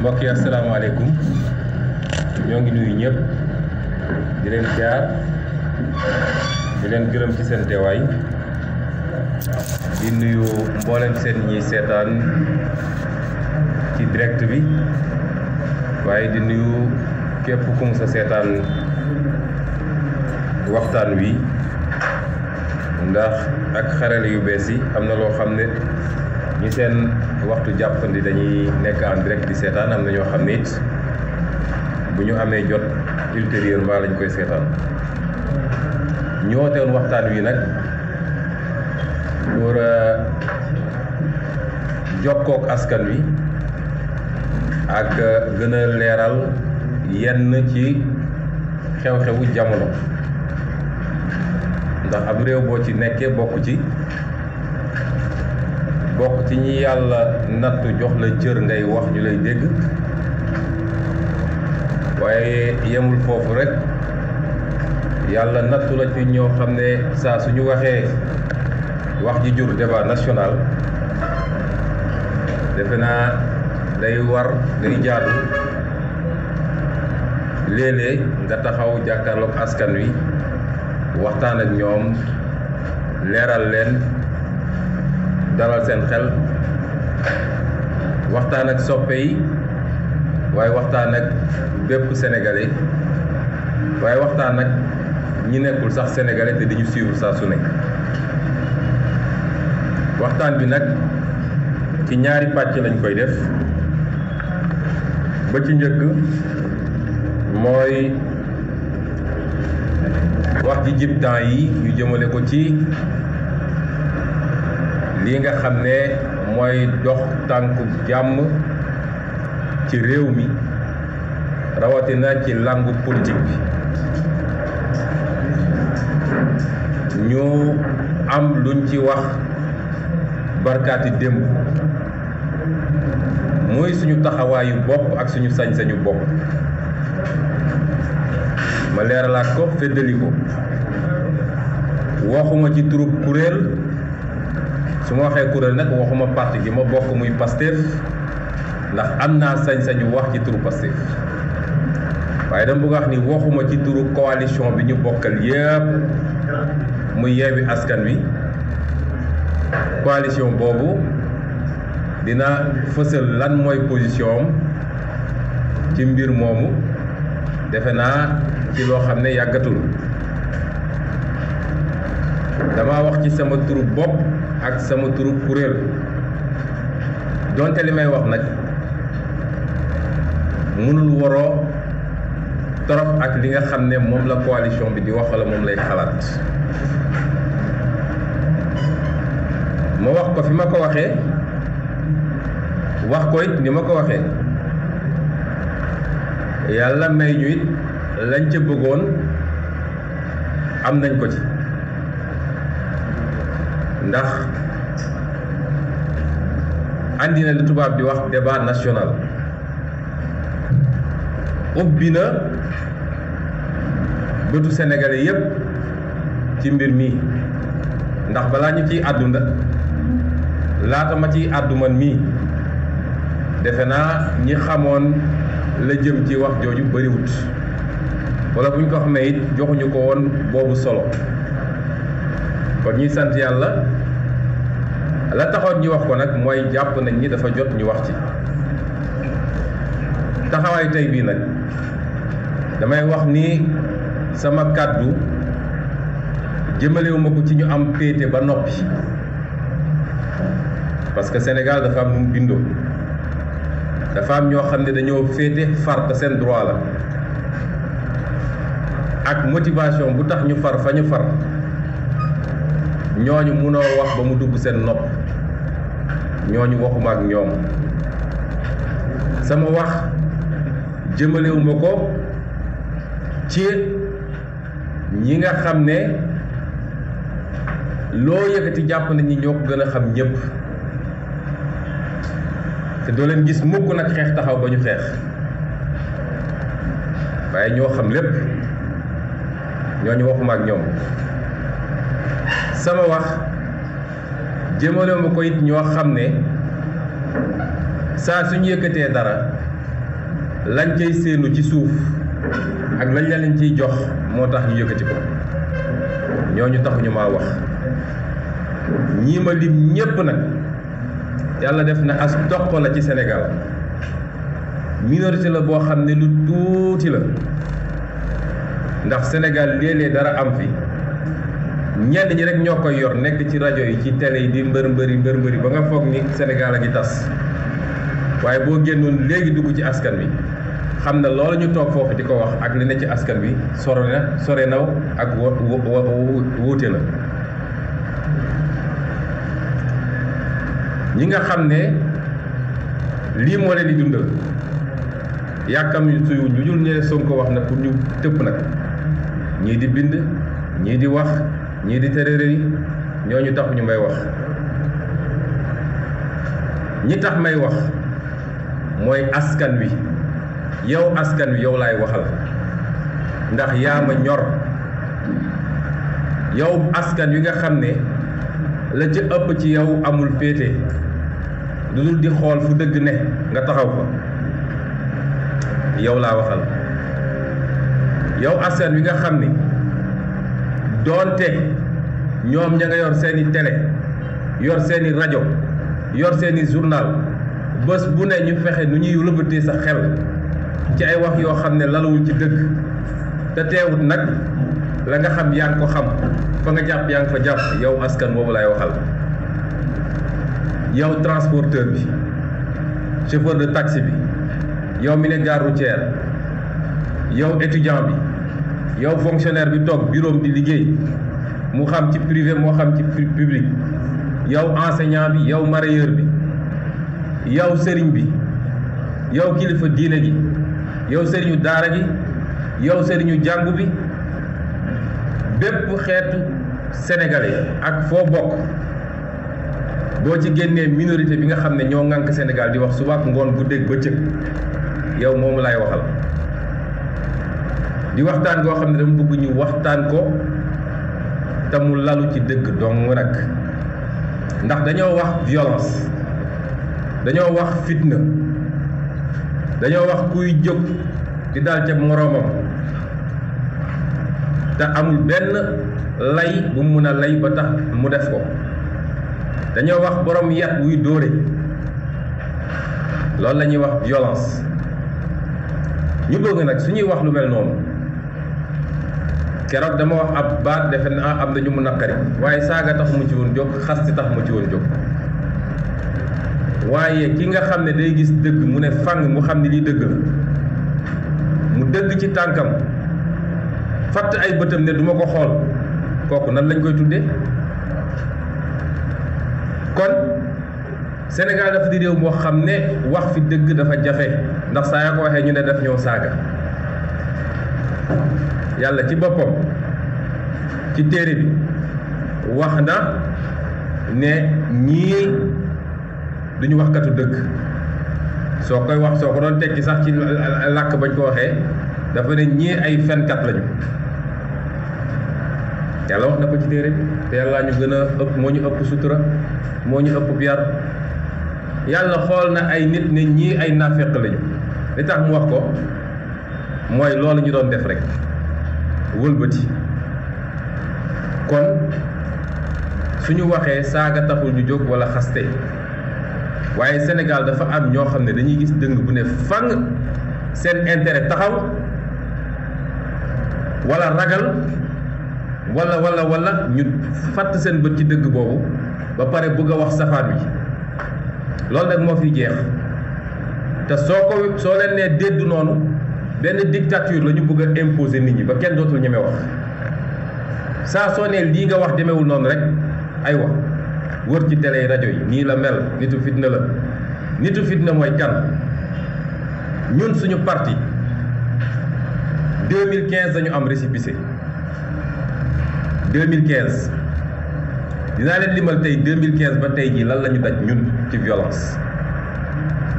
mbokk yi asalaamaaleykum ñoo ngi nuyu ñëpp di leen jaar di leen gërëm ci seen teewaay di nuyu mboolem seen ñi seetaan ci direct bi waaye di nuyu képp ku sa seetaan waxtaan wi ndax ak xarale yu bees yi am na loo xam ne. ñi seen waxtu jàppandi dañuy nekk en direct di seetaan am na ñoo xam nit bu ñu amee jot ultérieurement lañ koy seetaan ñootewoon waxtaan wi nag pour eh, jokkook askan wi ak gën a leeral yenn ci xew-xewu jamono ndax am réew boo ci nekkee bokk ci bokk ci ñi yàlla nattu jox la cër ngay wax ñu lay dégg waaye yemul foofu rek yàlla nattu la ci ne suñu waxee wax ji jur débat national defena day war day jaadu lele léeg nga taxaw jàkkaarloog askan wi waxtaan ak ñoom leen dalal seen xel waxtaan ak soppe yi waaye waxtaan ak dépp sénégalais waaye waxtaan ak ñi nekkul sax sénégalais te di ñu suivre saa su nekk waxtaan bi nag ci ñaari pàcc lañ koy def ba ci njëkk mooy wax ji jib yi ñu jëmale ko ci li nga xam ne mooy dox tànku jàmm ci réew mi rawatina ci langu politique bi ñu am luñ ci wax barkaati démb mooy suñu taxawaayu bopp ak suñu sañ-sañu bopp ma leeralaat ko feddali waxuma ci su ma waxee kuréel nag waxuma parti gi ma bokk muy Pastef ndax am naa sañ-sañu wax ci turu Pastef waaye dama bëgg wax ni waxuma ci turu coalition bi ñu bokkal yépp mu Yewwi Askan Wi coalition boobu dina fësal lan mooy position am ci mbir moomu defe naa ci loo xam ne yàggatul dama wax ci sama turu bopp ak sama turu kuréel donte li may wax nag mënul waroo torop ak li nga xam ne moom la coalition bi di wax wala moom lay xalaat ma wax ko fi ma ko waxee wax ko it ni ma ko waxee yàlla may ñu lañ ca bëggoon am nañ ko ci ndax andi na li tubaab di wax débat national ubbi na bëtu sénégalais yépp ci mbir mi ndax balaa ñu ciy àddu laata ma ciy àddu man mii defe naa ñi xamoon la jëm ci wax jooju wala buñ ko xamee it joxuñu ko woon boobu solo kon ñuy sant yàlla la taxoon ñu wax ko nag mooy jàpp nañ ni dafa jot ñu wax ci taxawaay tey bii nag damay wax ni sama kàddu jëmalewuma ko ci ñu am péete ba noppi parce que Sénégal dafa am nu bindoo dafa am ñoo xam ne dañoo far ta seen droit la ak motivation bu tax ñu far fa far ñooñu munoo wax ba mu dugg ñooñu waxuma ak ñoom sama wax jëmalewuma ko ci ñi nga xam ne loo yëkkati jàpp nañu ñi ñoo ko gën a xam ñépp te doo leen gis mukk nag xeex taxaw ba ñu xeex waaye ñoo xam lépp ñooñu waxuma ak ñoom sama wax jëmale ma ko it ñoo xam ne saa suñu yëkkatee dara lañ cay séenu ci suuf ak lañ la ciy jox moo tax ñu yëkkati ko ñooñu taxuñu maa wax ñii ma lim ñépp nag yàlla def na as toq la ci Sénégal minorité la boo xam ne lu tuuti la ndax senegal léeg-léeg dara am fi ñenn ñi rek ñoo koy yor nekk ci rajo yi ci tele yi di mbër mbëri mbër mbëri ba nga foog ni Sénégal a ngi tas waaye boo génnoon léegi dugg ci askan wi xam ne loolu ñu toog foofu di ko wax ak li ne ci askan wi sore na sore naw ak wuute na ñi nga xam ne lii moo leen di dundal yàkkam yu ñu jul ñee Sonko wax na pour ñu tëpp nag ñii di bind ñii di wax ñii di téréer yi ñooñu tax ñu may wax ñi tax may wax mooy askan wi yow askan wi yow laay waxal ndax yaa ma ñor yow askan wi nga xam ne la ca ëpp ci yow amul féete lu dul di xool fu dëgg ne nga taxaw fa yow laa waxal yow askan wi nga xam ni doonte ñoom ña nga yor seen i télé yor seeni rajo yor seen i journal bés bu ne ñu fexe nu ñuy lëbatee sa xel ci ay wax yoo xam ne lalawul ci dëgg te teewut nag la nga xam yaa ngi ko xam fa nga jàpp yaa ngi fa jàpp yow askan boobu laay waxal yow transporteur bi chauffeur de taxi bi yow mi ne gare routière yow étudiant bi yow fonctionnaire bi toog bureau di liggéey mu xam ci privé moo xam ci public yow enseignant bi yow mareyeur bi yow sëriñ bi yow kilifa diine gi yow sëriñu daara gi yow sëriñu jàngu bi bépp xeetu sénégalais ak foo bokk boo ci génnee minorité bi nga xam ne ñoo ŋànk Sénégal di wax suba ak ngoon bu guddeeg bëccëg yow moomu laay waxal. di waxtaan goo xam ne dama bëgg ñu waxtaan ko te mu lalu ci dëgg dong ndax dañoo wax violence dañoo wax fitna dañoo wax kuy jóg di dal ca moroomam te amul benn lay bu mu mën a lay ba tax mu def ko dañoo wax borom yat wuy dóore loolu la ñuy wax violence ñu bëgg nag suñuy wax lu mel noonu keroog dama wax ab baat defe naa am na ñu mu naqari waaye saaga tax mu ci woon jóg xasti tax mu ci woon jóg waaye ki nga xam ne day gis dëgg mu ne fang mu xam ne lii dëgg la mu dëgg ci tànkam fatt ay bëtam ne duma ko xool kooku nan lañ koy tuddee kon Sénégal dafa di réew moo xam ne wax fi dëgg dafa jafe ndax saa ya ko waxee ñu ne daf ñëw saaga yàlla ci boppam ci téere bi wax na ne ñii duñu waxkatu dëgg soo koy wax soo ko doon tekki sax ci làkk bañ ko waxee dafa ne ñii ay fenkat lañu yàlla wax na ko ci téere bi te yàlla ñu gën a ëpp moo ñu ëpp sutura moo ñu ëpp yar yàlla xool na ay nit ne ñii ay naafeq lañu li tax mu wax ko mooy loolu ñu doon def rek wëlbati kon suñu waxee saaga taxul ñu jóg wala xaste waaye sénégal dafa am ñoo xam dañuy gis dëng bu ne fang sen intérêt taxaw wala ragal wala wala wala ñu fat sen bët ci dëgg boobu ba pare bëgg a wax safaan wi loolu nag moo fi jeex te soo ko soo leen dédd noonu benn dictature la ñu bëgg a imposer nit ñi ba kenn dootul ñeme wax saa soo nee lii nga wax demewul noonu rek ay wax wër ci télé rajo yi nii la mel nitu fitna la nitu fitna mooy kan ñun suñu parti 2015 dañu am récépissé 2015 dinaa leen limal tey 2015 ba tey jii lan la ñu daj ñun ci violence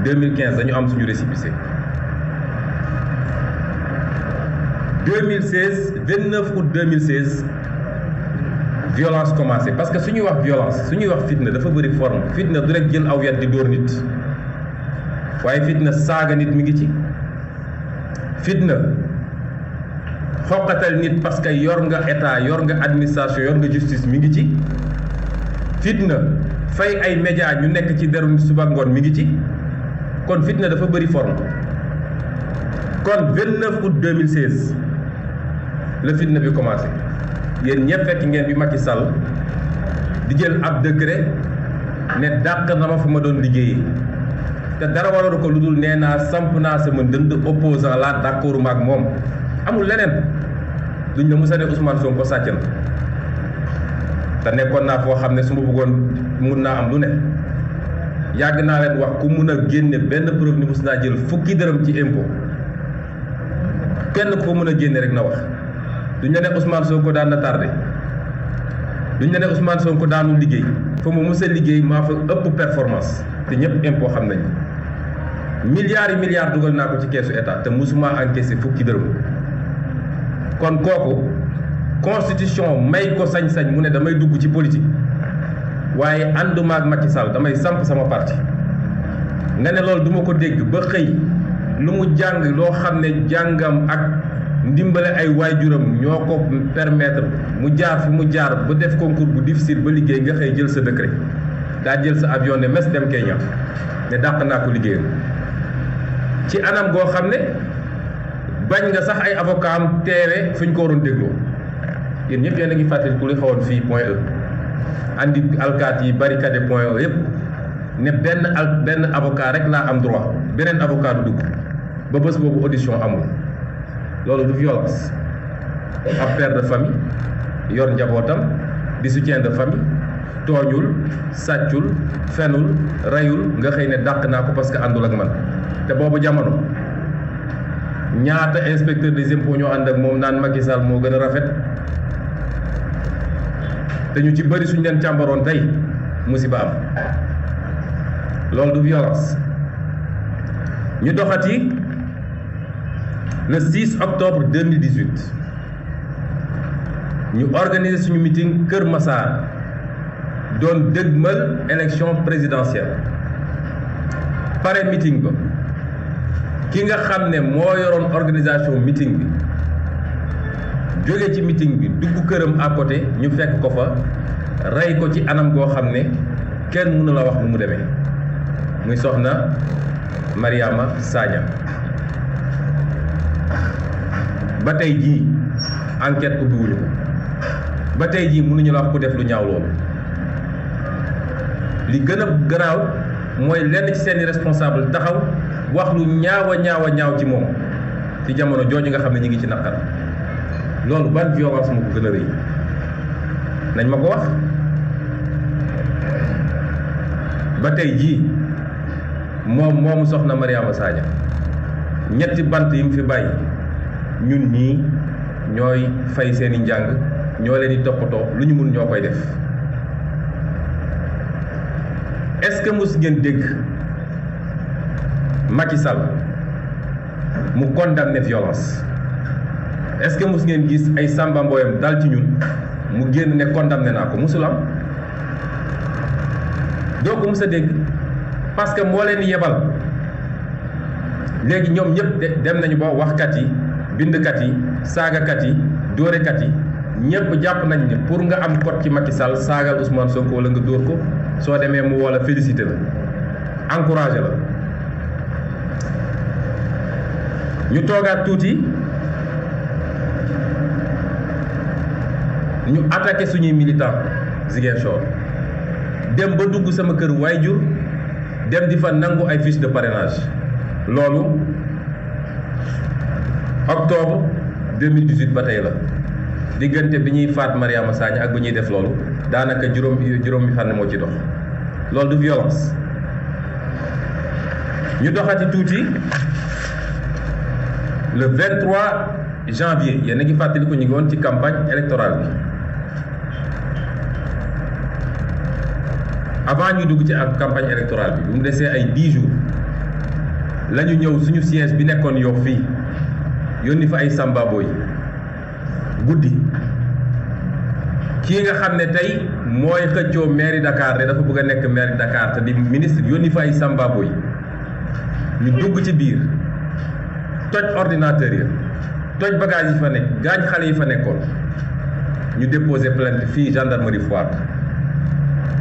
2015 dañu am suñu récépissé. 2016 29 août 2016 violence commencé parce que su ñuy wax violence su ñuy wax fitna dafa bëri forme fitna du rek jël aw yat di dóor nit waaye fitna saaga nit mi ngi ci fitna xoqatal nit parce que yor nga état yor nga administration yor nga justice mi ngi ci fitna fay ay média ñu nekk ci deru suba ngoon mi ngi ci kon fitna dafa bëri forme kon 29 août 2016 la fitna bi commencé yéen ñëpp fekk ngeen bi Macky Sall di jël ab décret ne dàq na ma fu ma doon liggéeyee te dara waralu ko lu dul nee naa samp naa sama ndënd opposant laa d'accord ak moom amul leneen duñ la musa ne Ousmane Sonko sàcc na te nekkoon naa foo xam ne su ma bëggoon mun naa am lu ne yàgg naa leen wax ku mun a génne benn preuve ni mus naa jël fukki dërëm ci impôt kenn ku mun a génne rek na wax duñ la ne Ousmane Sonko daan na tardé duñ la ne daanu liggéey fa mu mës liggéey maa fa ëpp performance te ñëpp impôt xam nañu milliards yi milliards dugal naa ko ci keesu état te musuma encaissé fukki dërëm kon kooku constitution may ko sañ-sañ mu ne damay dugg ci politique waaye ànduma ak Macky Sall damay samp sama parti nga ne loolu duma ko dégg ba xëy lu mu jàng loo xam ne jàngam ak ndimbale ay waajuram ñoo ko permettre mu jaar fi mu jaar ba def concours bu difficile ba liggéey nga xëy jël sa décret daa jël sa avion ne dem Kenya ne dàq naa ko liggéeyam ci anam goo xam bañ nga sax ay avocat am fuñ ko waroon dégloo yéen ñëpp yéen li point e andi alkati yi barricade point e yépp ne ben al benn avocat rek laa am droit beneen avocat du dugg ba audition amul loolu du violence ab père de famille yor njabootam di soutien de famille tooñul sàccul fenul rayul, nga xëy ne dàq naa ko parce que àndul ak man te boobu jamono ñaata inspecteur des impôts ñoo ànd ak moom naan Macky Sall moo gën rafet te ñu ci bëri suñ leen càmbaroon tey musiba am loolu du violence ñu doxati le 6 octobre 2018 nous organisons un meeting Kër Massar doon élections élection présidentielle un meeting qui ki nga xam meeting, organisation meeting bi ci meeting bi dugg këram à côté nous fekk ko fa ray ko ci anam go ramené quel monde la wax nous mu Nous muy soxna Mariama Sagna ba tey jii enquête ubbiwuñu ko ba tey jii mënuñu la wax def lu ñaaw loolu li gën a garaaw lenn ci seeni responsable taxaw wax lu ñaaw a ñaaw a ñaaw ci moom ci jamono jooju nga xam ne ñu ngi ci naqar loolu ban violence moo ko gën a nañ ma wax ba tey jii moom soxna Mariama Sagna ñetti bant yi fi bàyyi ñun ñii ñooy fay seen i njàng ñoo leen di toppatoo lu ñu mun ñoo koy def est ce que mos ngeen dégg Macky Sall mu condamné violence est ce que mos ngeen gis ay samba mboyam dal ci ñun mu génn ne condamné naa ko musul am doo ko mus a dégg parce que moo leen yebal léegi ñoom ñëpp dem nañu ba waxkat yi bindkat yi saagakat yi dóorekat yi ñëpp jàpp nañ ne pour nga am code ci Macky Sall saagal Ousmane Sonko wala nga dóor ko soo demee mu wala félicité la encouragé la ñu tuuti ñu suñuy dem ba dugg sama kër waajur dem di fa nangu ay fiche de parrainage loolu octobre 2018 ba tey la diggante bi ñuy faat Mariama Sagna ak bi ñuy def loolu daanaka juróom juróomi fànn moo ci dox loolu du violence ñu doxati tuuti le 23 janvier yéen a ngi fàttaliku ñu ngi woon ci campagne électorale bi avant ñu dugg ci ak campagne électorale bi bu mu desee ay 10 jours la ñu ñëw suñu siège bi nekkoon yow fii yónni fa ay sambabo yi guddi kii nga xam ne tey mooy xëccoo mairie Dakar ne dafa bëgg a nekk mairie Dakar te di ministre yónni fa ay sambabo yi ñu dugg ci biir toj ordinateur yi toj bagage yi fa nekk gaañ xale yi fa nekkoon ñu déposé plainte fii gendarmerie Foire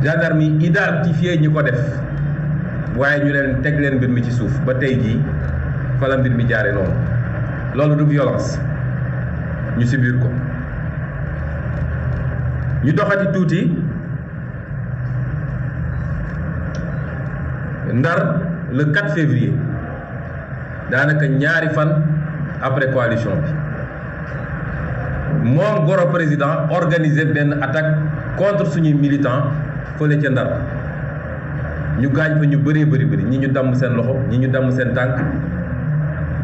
gendarmerie identifié ñi ko def waaye ñu leen teg leen mbir mi ci suuf ba tey jii fala mbir mi jaare noonu loolu du violence ñu subir ko ñu doxati tuuti ndar le 4 février daanaka ñaari fan après coalition bi moom goro président organisé benn attaque contre suñuy militants fële ca ndar ñu gaañ fa ñu bëree bëri bëri ñi ñu damm seen loxo ñi ñu damm seen tànk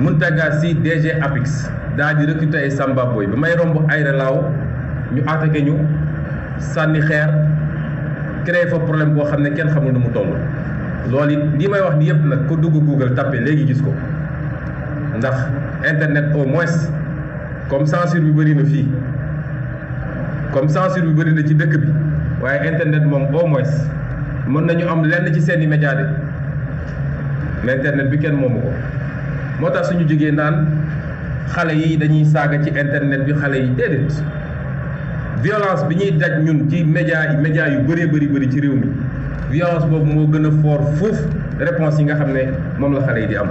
Mountaga si DG Apix daal di recruter ay Samba Boy bi may romb Aéré Lao ñu attaqué ñu sànni xeer créé fa problème boo xam ne kenn xamul nu mu toll loolu it li may wax ni yëpp nag ko dugg Google tapé léegi gis ko ndax internet au moins comme censure bi bëri na fii comme censure bi bëri na ci dëkk bi waaye internet moom au moins mën nañu am lenn ci seeni média de mais internet bi kenn moomu ko moo tax suñu jógee naan xale yi dañuy ci internet bi xale yi déedéet violence bi ñuy daj ñun ci yi yu bëree bëri bëri ci réew mi violence boobu moo gën for fort fuuf réponse yi nga xam ne la yi di am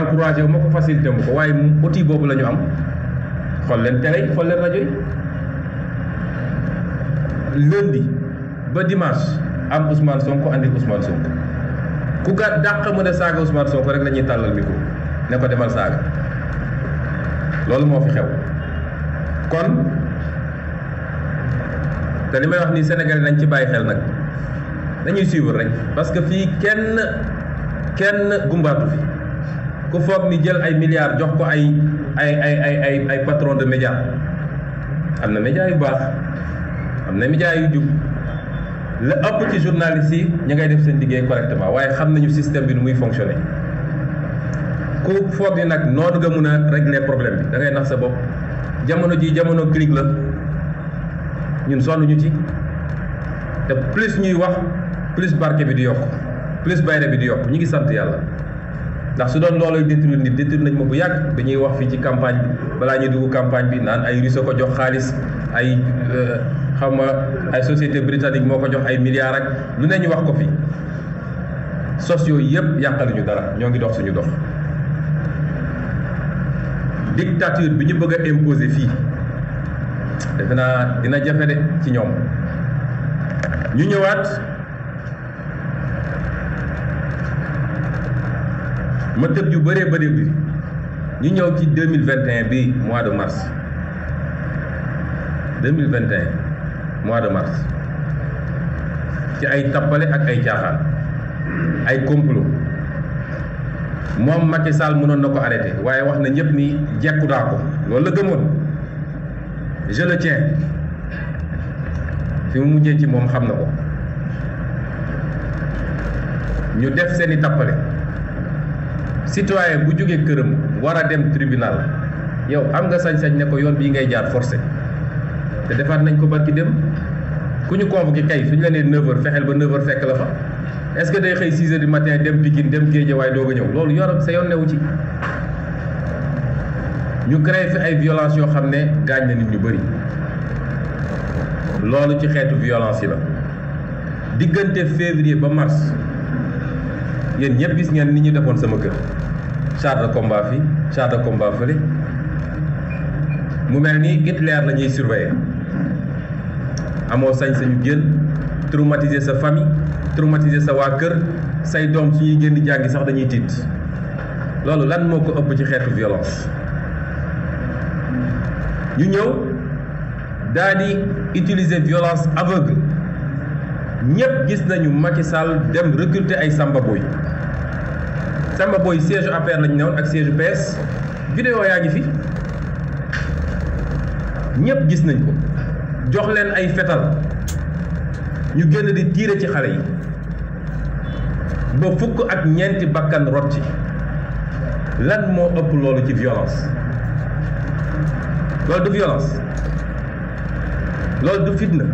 encouragé wu ma ko facilité mu ko waaye outil boobu terai, ñu am leen télé leen lundi ba dimanche am Ousmane Sonko andi Ousmane Sonko ku gaa dàq mën a saaga Ousmane Sonko rek la ñuy tàllal ko ne ko demal saaga loolu moo fi xew kon te li may wax nii Sénégal nañ ci bàyyi xel nag dañuy suivre rek parce que fii kenn kenn gumbaatu fi ku foog ni jël ay milliards jox ko ay ay ay ay patron de média am na média yu baax am na média yu jub la ëpp ci journaliste yi ñu ngay def seen liggéey correctement waaye xam nañu système bi nu muy fonctionné ku foog ni nag noonu nga mun a régler problème bi da nax sa bopp jamono ji jamono clic la ñun sonn ñu ci te plus ñuy wax plus barke bi di yokk plus bayre bi di yokk ñu ngi sant yàlla ndax su doon loolay détruire nit détruire nañ ma bu yàgg dañuy wax fii ci campagne bi balaa ñuy dugg campagne bi naan ay russe ko jox xaalis ay euh, xaw ma ay société britannique moo ko jox ay milliards ak lu ne ñu wax ko fi sos yooyu yëpp yàqaluñu dara ñoo ngi dox suñu dox dictature bi ñu bëgg a imposer fii defe naa dina jafe de ci ñoom ñu ñëwaat ma tëb yu bëree bëri bi ñu ñëw ci deux mille vingt et un bi mois de mars deux mille vingt et un mois de mars ci ay tappale ak ay caaxaan ay complot moom Macky Sall mënoon na ko arrêté waaye wax na ñëpp ni jekku naa ko loolu la gëmoon je le tiens fi mu mujjee ci moom xam na ñu def seen i citoyen bu jógee këram war dem tribunal yow am nga sañ-sañ ne ko yoon bii ngay jaar forcé te defaat nañ ko barki dem ku ñu convoqué kay suñu la nee 9 fexeel ba 9 fekk la fa est-ce que day xëy 6h du matin dem Pikine dem Guédiawaye doog a ñëw loolu yoram sa yoon newu ci ñu créé fi ay violence yoo xam ne gaañ la nit ñu bëri loolu ci xeetu violence yi la diggante février ba mars yéen ñëpp gis ngeen ni ñu defoon sama kër char de combat fii char de mu mel nii Hitler la ñuy surveiller amoo sañ-sañu génn traumatiser sa famille traumatiser sa waa kër say doom su ñuy génn jàngi sax dañuy tiit loolu lan moo ko ëpp ci xeetu violence ñu ñëw daa di utiliser violence aveugle ñëpp gis nañu Macky Sall dem recruter ay Samba Boy Samba Boy siège APR lañu newoon ak siège PS vidéo yaa ngi fi ñëpp gis nañ ko jox leen ay fetal ñu génn di tiire ci xale yi ba fukk ak ñeenti bakkan rot ci lan moo ëpp loolu ci violence loolu du violence loolu du fitna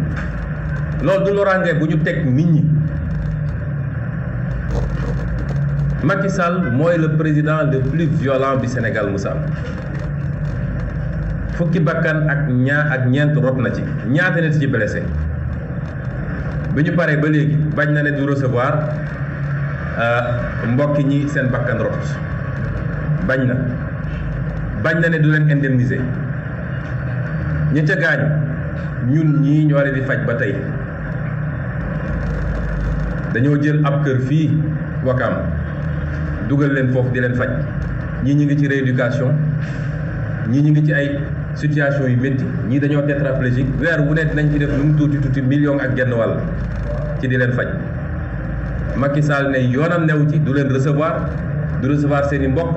loolu du lorange bu ñu teg nit ñi Macky Sall mooy le président le plus violent du Sénégal Moussa fukki bakkan ak ñaa ak ñeent rot na ci ñaata nit ci blessé bi ñu paree ba léegi bañ na ne du recevoir euh, mbokk ñi seen bakkan rot bañ na bañ na ne du leen indemniser ñi ca gaañu ñun ñii ñoo leen di faj ba tey dañoo jël ab kër fii wakaam dugal leen foofu di leen faj ñi ngi ci rééducation ñi ngi ci ay situation yu metti ñi dañoo tétraplégique weer wu ne nañ ci def lu mu tuuti tuuti million ak genn wàll ci di leen faj Macky Sall ne yoonam new ci du leen recevoir du recevoir seen i mbokk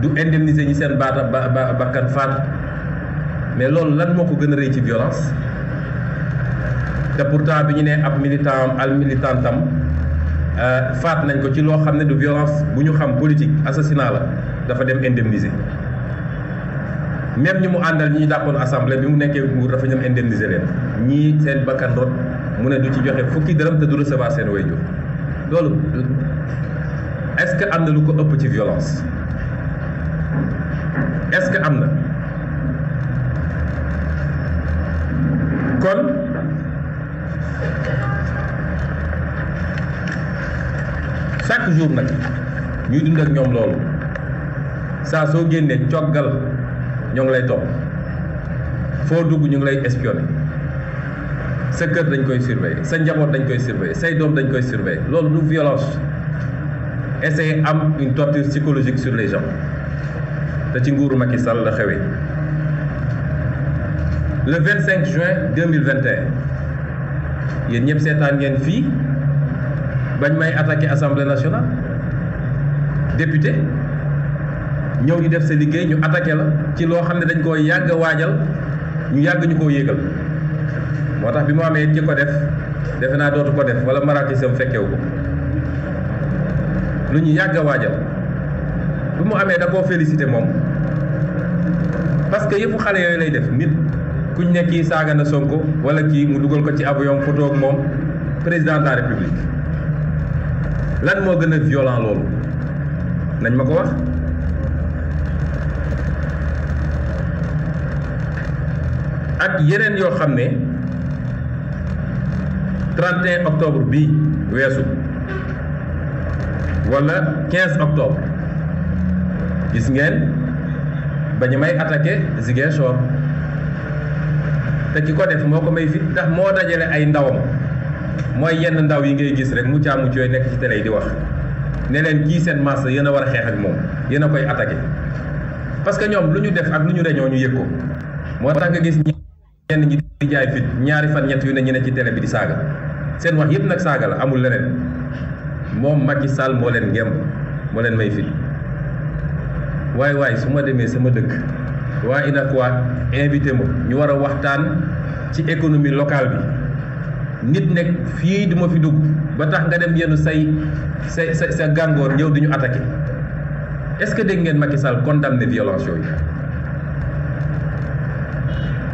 du indemniser ñi seen baata ba bakkan faat mais loolu lan moo ko gën a rëy ci violence te pourtant bi ñu ne ab militant al militantam tam euh, faat nañ ko ci loo xam ne du violence bu ñu xam politique assassinat la dafa dem indemniser même ñi mu àndal ñi ñu dàppoon assemblée bi mu nekkee nguur dafa ñoom indemniser leen ñii seen bakkan mu ne du ci joxe fukki dërëm te du recevoir seen wayjur loolu est-ce que am na lu ko ëpp ci violence est-ce am na kon chaque jour nag ñuy dund ak ñoom loolu saa soo génnee coggal ñoo lay top espionné dañ surveiller sa njaboot surveiller surveiller violence une torture psychologique sur les gens C'est ci le 25 juin 2021 il ñepp a ngeen fille. bañ may attaqué assemblée nationale député ñëw di def sa liggéey ñu attaqué la ci loo xam ne dañ koo yàgg waajal ñu yàgg ñu koo yéegal moo tax bi mu amee ko def defe naa dootu ko def wala maratisam fekkewu ko lu ñu yàgg waajal bi mu amee da koo félicité moom parce que yëpp xale yooyu lay def nit kuñ ne kii saaga na sonko wala kii mu dugal ko ci avion photo moom président de la république lan moo gën a violent loolu nañ ma ko wax ak yeneen yoo xam ne 31 octobre bi weesu wala 15 octobre gis ngeen ba ñu may attaqué Ziguinchor te ki ko def moo ko may fit ndax moo dajale ay ndawam mooy yenn ndaw yi ngay gis rek mu caamu cooy nekk ci télé yi di wax ne leen kii seen masse yéen a war a xeex ak moom yéen a koy attaqué parce que ñoom lu ñu def ak lu ñu reñoo ñu yëg ko moo tax nga gis ñi ñenn ñi di jaay fit ñaari fan ñett yu ne ñu ne ci télé bi di saaga seen wax yépp nag saaga la amul leneen moom Macky Sall moo leen ngemb moo leen may fit waay waay su ma demee sama dëkk waa inakwa invité ma ñu war a waxtaan ci économie locale bi nit nekk fii duma fi dugg ba tax nga dem yenn say sa gàngoor ñëw di ñu attaqué est ce que dégg ngeen Macky Sall condamné violence yooyu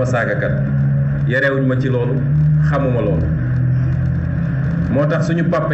ma saagakat yarewuñ ma ci loolu xamuma loolu moo tax suñu papa